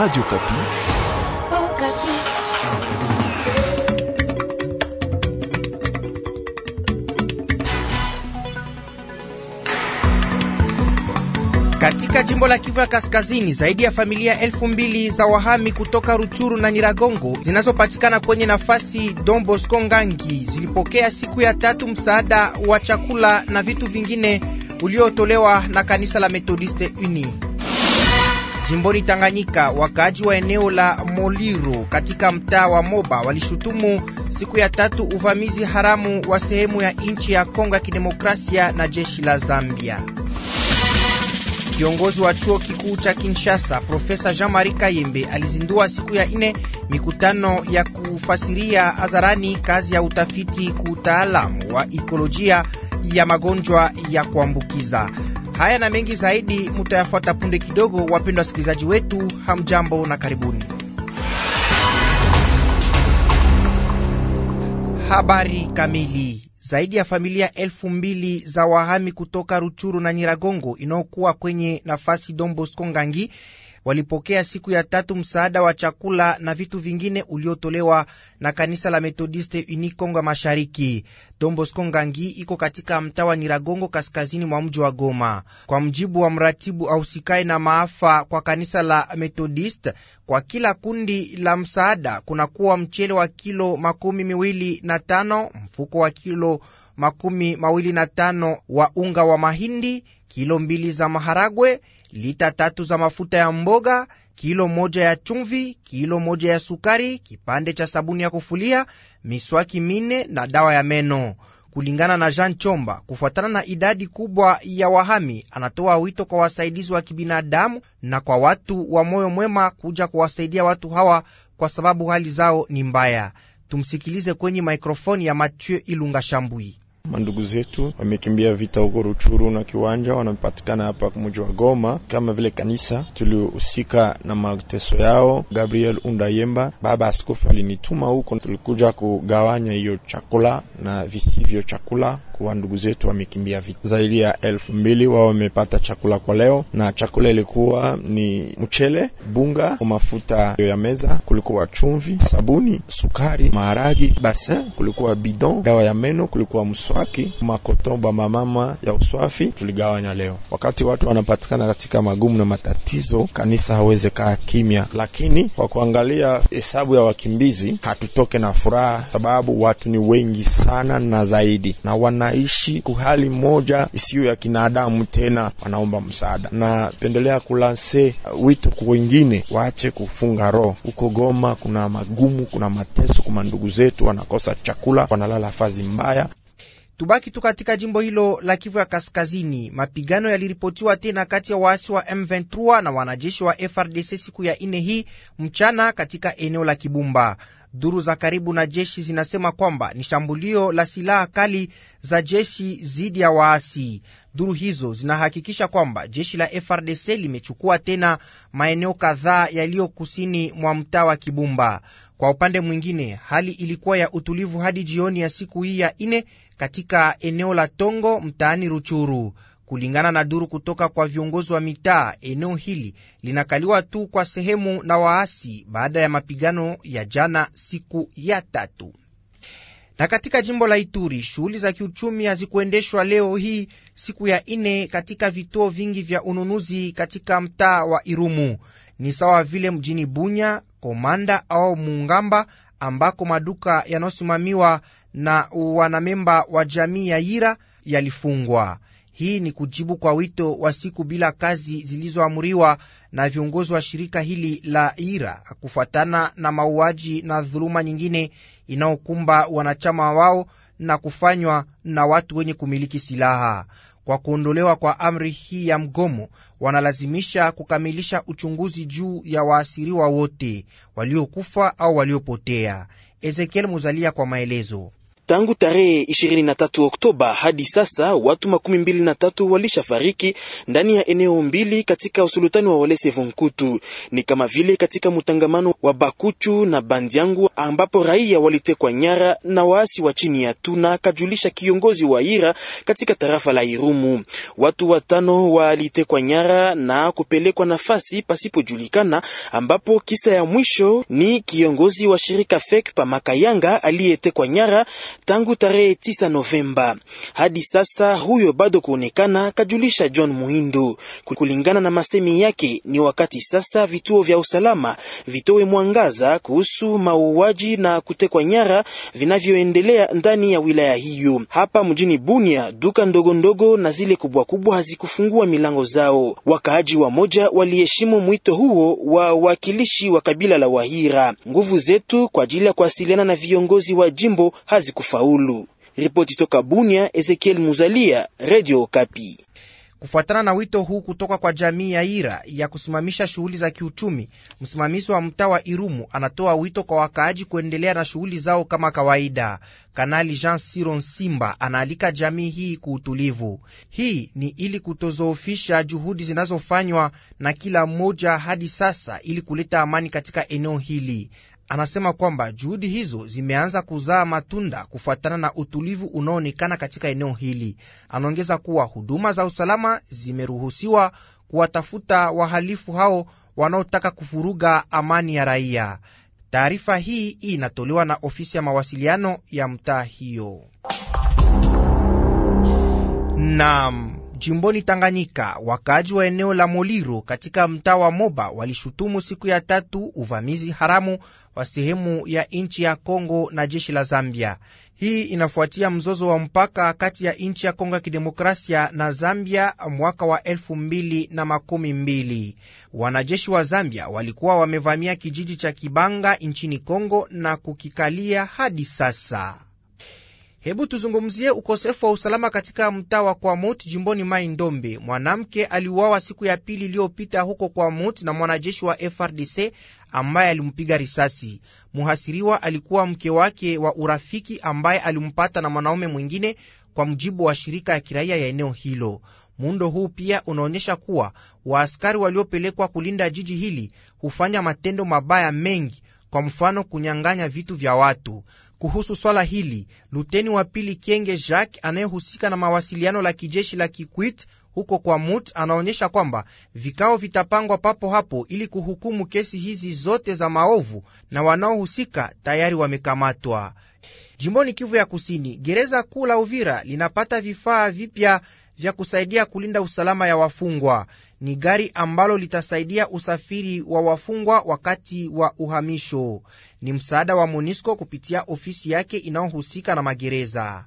Radio Kapi. Oh, Kapi. Katika jimbo la Kivu ya Kaskazini, zaidi ya familia elfu mbili za wahami kutoka Ruchuru na Nyiragongo zinazopatikana kwenye nafasi Don Bosco Ngangi zilipokea siku ya tatu msaada wa chakula na vitu vingine uliotolewa na kanisa la Methodiste Uni. Jimboni Tanganyika, wakaaji wa eneo la Moliro katika mtaa wa Moba walishutumu siku ya tatu uvamizi haramu wa sehemu ya nchi ya Kongo ya Kidemokrasia na jeshi la Zambia. Kiongozi wa chuo kikuu cha Kinshasa Profesa Jean-Marie Kayembe alizindua siku ya nne mikutano ya kufasiria hadharani kazi ya utafiti kuutaalamu wa ikolojia ya magonjwa ya kuambukiza. Haya na mengi zaidi mutayafuata punde kidogo. Wapendwa wasikilizaji wetu, hamjambo na karibuni. Habari kamili. Zaidi ya familia elfu mbili za wahami kutoka Ruchuru na Nyiragongo inayokuwa kwenye nafasi Don Bosco Ngangi walipokea siku ya tatu msaada wa chakula na vitu vingine uliotolewa na kanisa la Metodiste Unikongwa Mashariki. Dombosco Ngangi iko katika mtaa wa Niragongo, kaskazini mwa mji wa Goma. Kwa mjibu wa mratibu ausikae na maafa kwa kanisa la Metodist, kwa kila kundi la msaada kunakuwa mchele wa kilo makumi miwili na tano, mfuko wa kilo makumi mawili na tano wa unga wa mahindi, kilo mbili za maharagwe lita tatu za mafuta ya mboga, kilo moja ya chumvi, kilo moja ya sukari, kipande cha sabuni ya kufulia, miswaki mine na dawa ya meno. Kulingana na Jean Chomba, kufuatana na idadi kubwa ya wahami, anatoa wito kwa wasaidizi wa kibinadamu na kwa watu wa moyo mwema kuja kuwasaidia watu hawa kwa sababu hali zao ni mbaya. Tumsikilize kwenye maikrofoni ya Mathieu Ilunga Shambui. Mandugu zetu wamekimbia vita huko Ruchuru na Kiwanja, wanapatikana hapa mji wa Goma, kama vile kanisa tulihusika na mateso yao. Gabriel Undayemba, baba askofu, alinituma huko, tulikuja kugawanya hiyo chakula na visivyo chakula kuwa ndugu zetu wamekimbia vita. Zaidi ya elfu mbili wao wamepata chakula kwa leo, na chakula ilikuwa ni mchele, bunga, mafuta ya meza, kulikuwa chumvi, sabuni, sukari, maharagi, basin, kulikuwa bidon, dawa ya meno, kulikuwa mswaki, makotomba, mamama ya uswafi tuligawanya leo. Wakati watu wanapatikana katika magumu na matatizo, kanisa haweze kaa kimya, lakini kwa kuangalia hesabu ya wakimbizi hatutoke na furaha, sababu watu ni wengi sana na zaidi na wana wanaishi kuhali moja isiyo ya kinadamu tena, wanaomba msaada. Napendelea kulanse uh, wito kwa wengine waache kufunga roho. Huko Goma kuna magumu, kuna mateso, kuma ndugu zetu wanakosa chakula, wanalala fazi mbaya. Tubaki tu katika jimbo hilo la Kivu ya Kaskazini, mapigano yaliripotiwa tena kati ya waasi wa M23 na wanajeshi wa FRDC siku ya ine hii mchana katika eneo la Kibumba. Duru za karibu na jeshi zinasema kwamba ni shambulio la silaha kali za jeshi dhidi ya waasi. Duru hizo zinahakikisha kwamba jeshi la FRDC limechukua tena maeneo kadhaa yaliyo kusini mwa mtaa wa Kibumba. Kwa upande mwingine, hali ilikuwa ya utulivu hadi jioni ya siku hii ya ine katika eneo la Tongo mtaani Ruchuru. Kulingana na duru kutoka kwa viongozi wa mitaa, eneo hili linakaliwa tu kwa sehemu na waasi baada ya mapigano ya jana siku ya tatu. Na katika jimbo la Ituri, shughuli za kiuchumi hazikuendeshwa leo hii siku ya ine katika vituo vingi vya ununuzi katika mtaa wa Irumu, ni sawa vile mjini Bunya, Komanda au Mungamba ambako maduka yanayosimamiwa na wanamemba wa jamii ya Yira yalifungwa. Hii ni kujibu kwa wito wa siku bila kazi zilizoamriwa na viongozi wa shirika hili la IRA kufuatana na mauaji na dhuluma nyingine inayokumba wanachama wao na kufanywa na watu wenye kumiliki silaha. Kwa kuondolewa kwa amri hii ya mgomo, wanalazimisha kukamilisha uchunguzi juu ya waasiriwa wote waliokufa au waliopotea. Ezekiel Muzalia kwa maelezo. Tangu tarehe 23 Oktoba hadi sasa watu makumi mbili na tatu walishafariki ndani ya eneo mbili katika usultani wa Walese Vonkutu, ni kama vile katika mtangamano wa Bakuchu na Bandiangu ambapo raia walitekwa nyara na waasi wa chini ya Tuna, kajulisha kiongozi wa Ira katika tarafa la Irumu. Watu watano walitekwa nyara na kupelekwa nafasi pasipojulikana, ambapo kisa ya mwisho ni kiongozi wa shirika FEC pa Makayanga aliyetekwa nyara tangu tarehe 9 Novemba. Hadi sasa huyo bado kuonekana, kajulisha John Muhindu. Kulingana na masemi yake, ni wakati sasa vituo vya usalama vitoe mwangaza kuhusu mauaji na kutekwa nyara vinavyoendelea ndani ya wilaya hiyo. Hapa mjini Bunia, duka ndogo ndogo na zile kubwa kubwa hazikufungua milango zao. Wakaaji wa moja waliheshimu mwito huo wa wakilishi wa kabila la Wahira. Nguvu zetu kwa ajili ya kuwasiliana na viongozi wa jimbo hazikufungua kufaulu. Ripoti toka Bunia, Ezekiel Muzalia, Radio Okapi. Kufuatana na wito huu kutoka kwa jamii ya Ira ya kusimamisha shughuli za kiuchumi, msimamizi wa mtaa wa Irumu anatoa wito kwa wakaaji kuendelea na shughuli zao kama kawaida. Kanali Jean Siron Simba anaalika jamii hii kuutulivu. Hii ni ili kutozoofisha juhudi zinazofanywa na kila mmoja hadi sasa ili kuleta amani katika eneo hili anasema kwamba juhudi hizo zimeanza kuzaa matunda kufuatana na utulivu unaoonekana katika eneo hili. Anaongeza kuwa huduma za usalama zimeruhusiwa kuwatafuta wahalifu hao wanaotaka kufuruga amani ya raia. Taarifa hii inatolewa na ofisi ya mawasiliano ya mtaa hiyo. Naam jimboni Tanganyika, wakaaji wa eneo la Moliro katika mtaa wa Moba walishutumu siku ya tatu uvamizi haramu wa sehemu ya nchi ya Kongo na jeshi la Zambia. Hii inafuatia mzozo wa mpaka kati ya nchi ya Kongo ya Kidemokrasia na Zambia mwaka wa elfu mbili na makumi mbili. Wanajeshi wa Zambia walikuwa wamevamia kijiji cha Kibanga nchini Kongo na kukikalia hadi sasa. Hebu tuzungumzie ukosefu wa usalama katika mtaa wa Kwamut jimboni Mai Ndombe. Mwanamke aliuawa siku ya pili iliyopita huko Kwamut na mwanajeshi wa FRDC ambaye alimpiga risasi. Mhasiriwa alikuwa mke wake wa urafiki ambaye alimpata na mwanaume mwingine, kwa mujibu wa shirika ya kiraia ya eneo hilo. Muundo huu pia unaonyesha kuwa waaskari waliopelekwa kulinda jiji hili hufanya matendo mabaya mengi, kwa mfano kunyang'anya vitu vya watu. Kuhusu swala hili, luteni wa pili Kienge Jacques anayehusika na mawasiliano la kijeshi la Kikwit huko kwa Mut anaonyesha kwamba vikao vitapangwa papo hapo ili kuhukumu kesi hizi zote za maovu na wanaohusika tayari wamekamatwa. Jimboni Kivu ya Kusini, gereza kuu la Uvira linapata vifaa vipya vya kusaidia kulinda usalama ya wafungwa. Ni gari ambalo litasaidia usafiri wa wafungwa wakati wa uhamisho. Ni msaada wa MONUSCO kupitia ofisi yake inayohusika na magereza.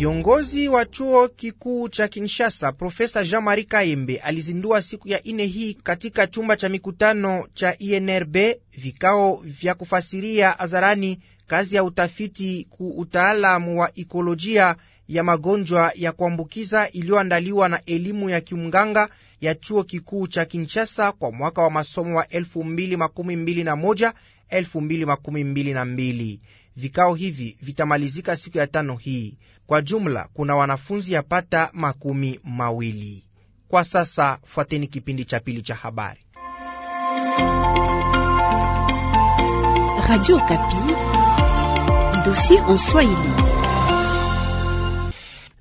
Kiongozi wa chuo kikuu cha Kinshasa Profesa Jean-Marie Kayembe alizindua siku ya ine hii katika chumba cha mikutano cha INRB vikao vya kufasiria hadharani kazi ya utafiti ku utaalamu wa ikolojia ya magonjwa ya kuambukiza iliyoandaliwa na elimu ya kiunganga ya chuo kikuu cha Kinshasa kwa mwaka wa masomo wa 2021 2022. Vikao hivi vitamalizika siku ya tano hii. Kwa jumla kuna wanafunzi yapata makumi mawili. Kwa sasa fuateni kipindi cha pili cha habari.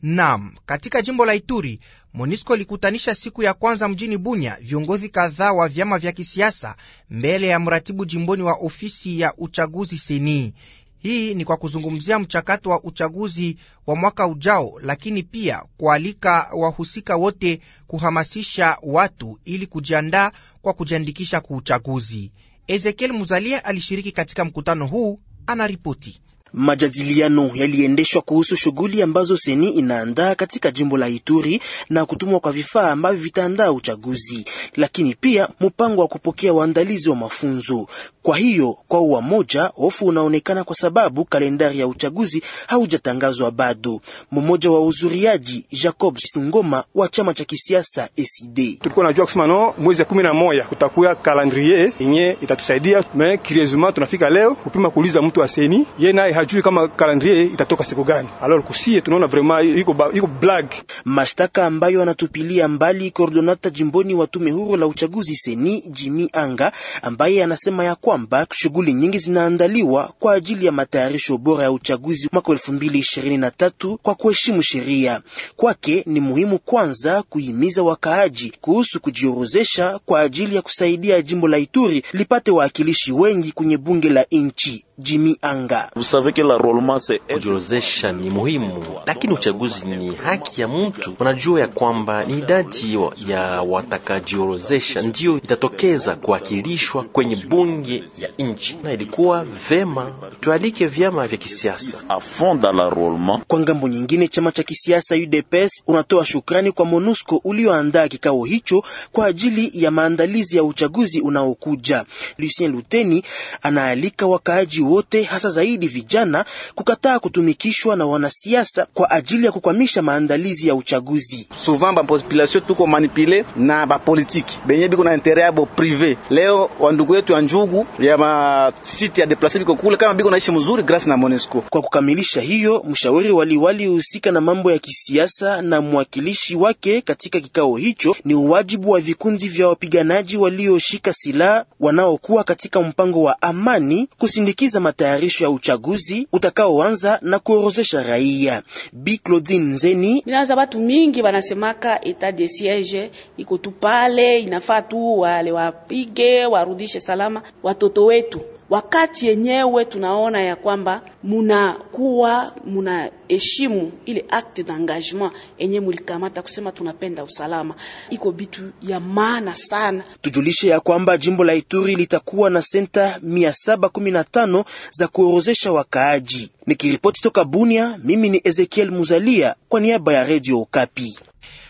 Nam, katika jimbo la Ituri MONUSCO ilikutanisha siku ya kwanza mjini Bunya viongozi kadhaa wa vyama vya kisiasa mbele ya mratibu jimboni wa ofisi ya uchaguzi senii hii ni kwa kuzungumzia mchakato wa uchaguzi wa mwaka ujao, lakini pia kualika wahusika wote kuhamasisha watu ili kujiandaa kwa kujiandikisha kwa uchaguzi. Ezekiel Muzalia alishiriki katika mkutano huu, anaripoti. Majadiliano yaliendeshwa kuhusu shughuli ambazo seni inaandaa katika jimbo la Ituri na kutumwa kwa vifaa ambavyo vitaandaa uchaguzi, lakini pia mpango wa kupokea waandalizi wa mafunzo. Kwa hiyo kwa moja hofu unaonekana kwa sababu kalendari ya uchaguzi haujatangazwa bado. Mmoja wa uzuriaji Jacob Singoma wa chama cha kisiasa ECD, tulikuwa najua kusema no, mwezi ya kumi na moja kutakuwa kalendrier yenye itatusaidia me, tunafika leo kupima kuuliza mtu wa seni yeye naye hajui kama calendrier itatoka siku gani. Alors kusie tunaona vraiment iko iko blague. Mashtaka ambayo anatupilia mbali coordonata jimboni wa tume huru la uchaguzi seni Jimmy Anga, ambaye anasema ya kwamba shughuli nyingi zinaandaliwa kwa ajili ya matayarisho bora ya uchaguzi mwaka 2023 kwa kuheshimu sheria. Kwake ni muhimu kwanza kuhimiza wakaaji kuhusu kujiorozesha kwa ajili ya kusaidia jimbo la Ituri lipate waakilishi wengi kwenye bunge la inchi. Jimmy Anga Kujiorozesha ni muhimu, lakini uchaguzi ni haki ya mtu. Unajua ya kwamba ni idadi ya watakajiorozesha ndiyo itatokeza kuwakilishwa kwenye bunge ya nchi, na ilikuwa vema tualike vyama vya kisiasa. Kwa ngambo nyingine, chama cha kisiasa UDPS unatoa shukrani kwa MONUSCO ulioandaa kikao hicho kwa ajili ya maandalizi ya uchaguzi unaokuja. Lucien Luteni anaalika wakaaji wote hasa zaidi vijana vijana kukataa kutumikishwa na wanasiasa kwa ajili ya kukwamisha maandalizi ya uchaguzi. Souvent ba population tuko manipule na ba politiki benye biko na intere yabo prive. Leo wandugu yetu ya njugu ya ma site ya deplase biko kule kama biko naishi mzuri grasi na Monesco. Kwa kukamilisha hiyo, mshauri waliwali husika na mambo ya kisiasa na mwakilishi wake katika kikao hicho ni uwajibu wa vikundi vya wapiganaji walioshika silaha wanaokuwa katika mpango wa amani kusindikiza matayarisho ya uchaguzi uchunguzi utakaoanza na kuorozesha raia. Bi Claudine Nzeni: minaza batu mingi banasemaka etat de siege iko tu pale, inafaa tu wale wapige warudishe salama watoto wetu wakati yenyewe tunaona ya kwamba munakuwa munaheshimu ile acte d'engagement yenye mulikamata kusema tunapenda usalama, iko bitu ya maana sana. Tujulishe ya kwamba jimbo la Ituri litakuwa na senta 715 za kuorozesha wakaaji. Nikiripoti toka Bunia, mimi ni Ezekiel Muzalia kwa niaba ya redio Okapi.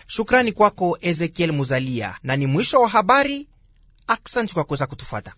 Shukrani kwako Ezekiel Muzalia, na ni mwisho wa habari. Aksanti kwa kuweza kutufata.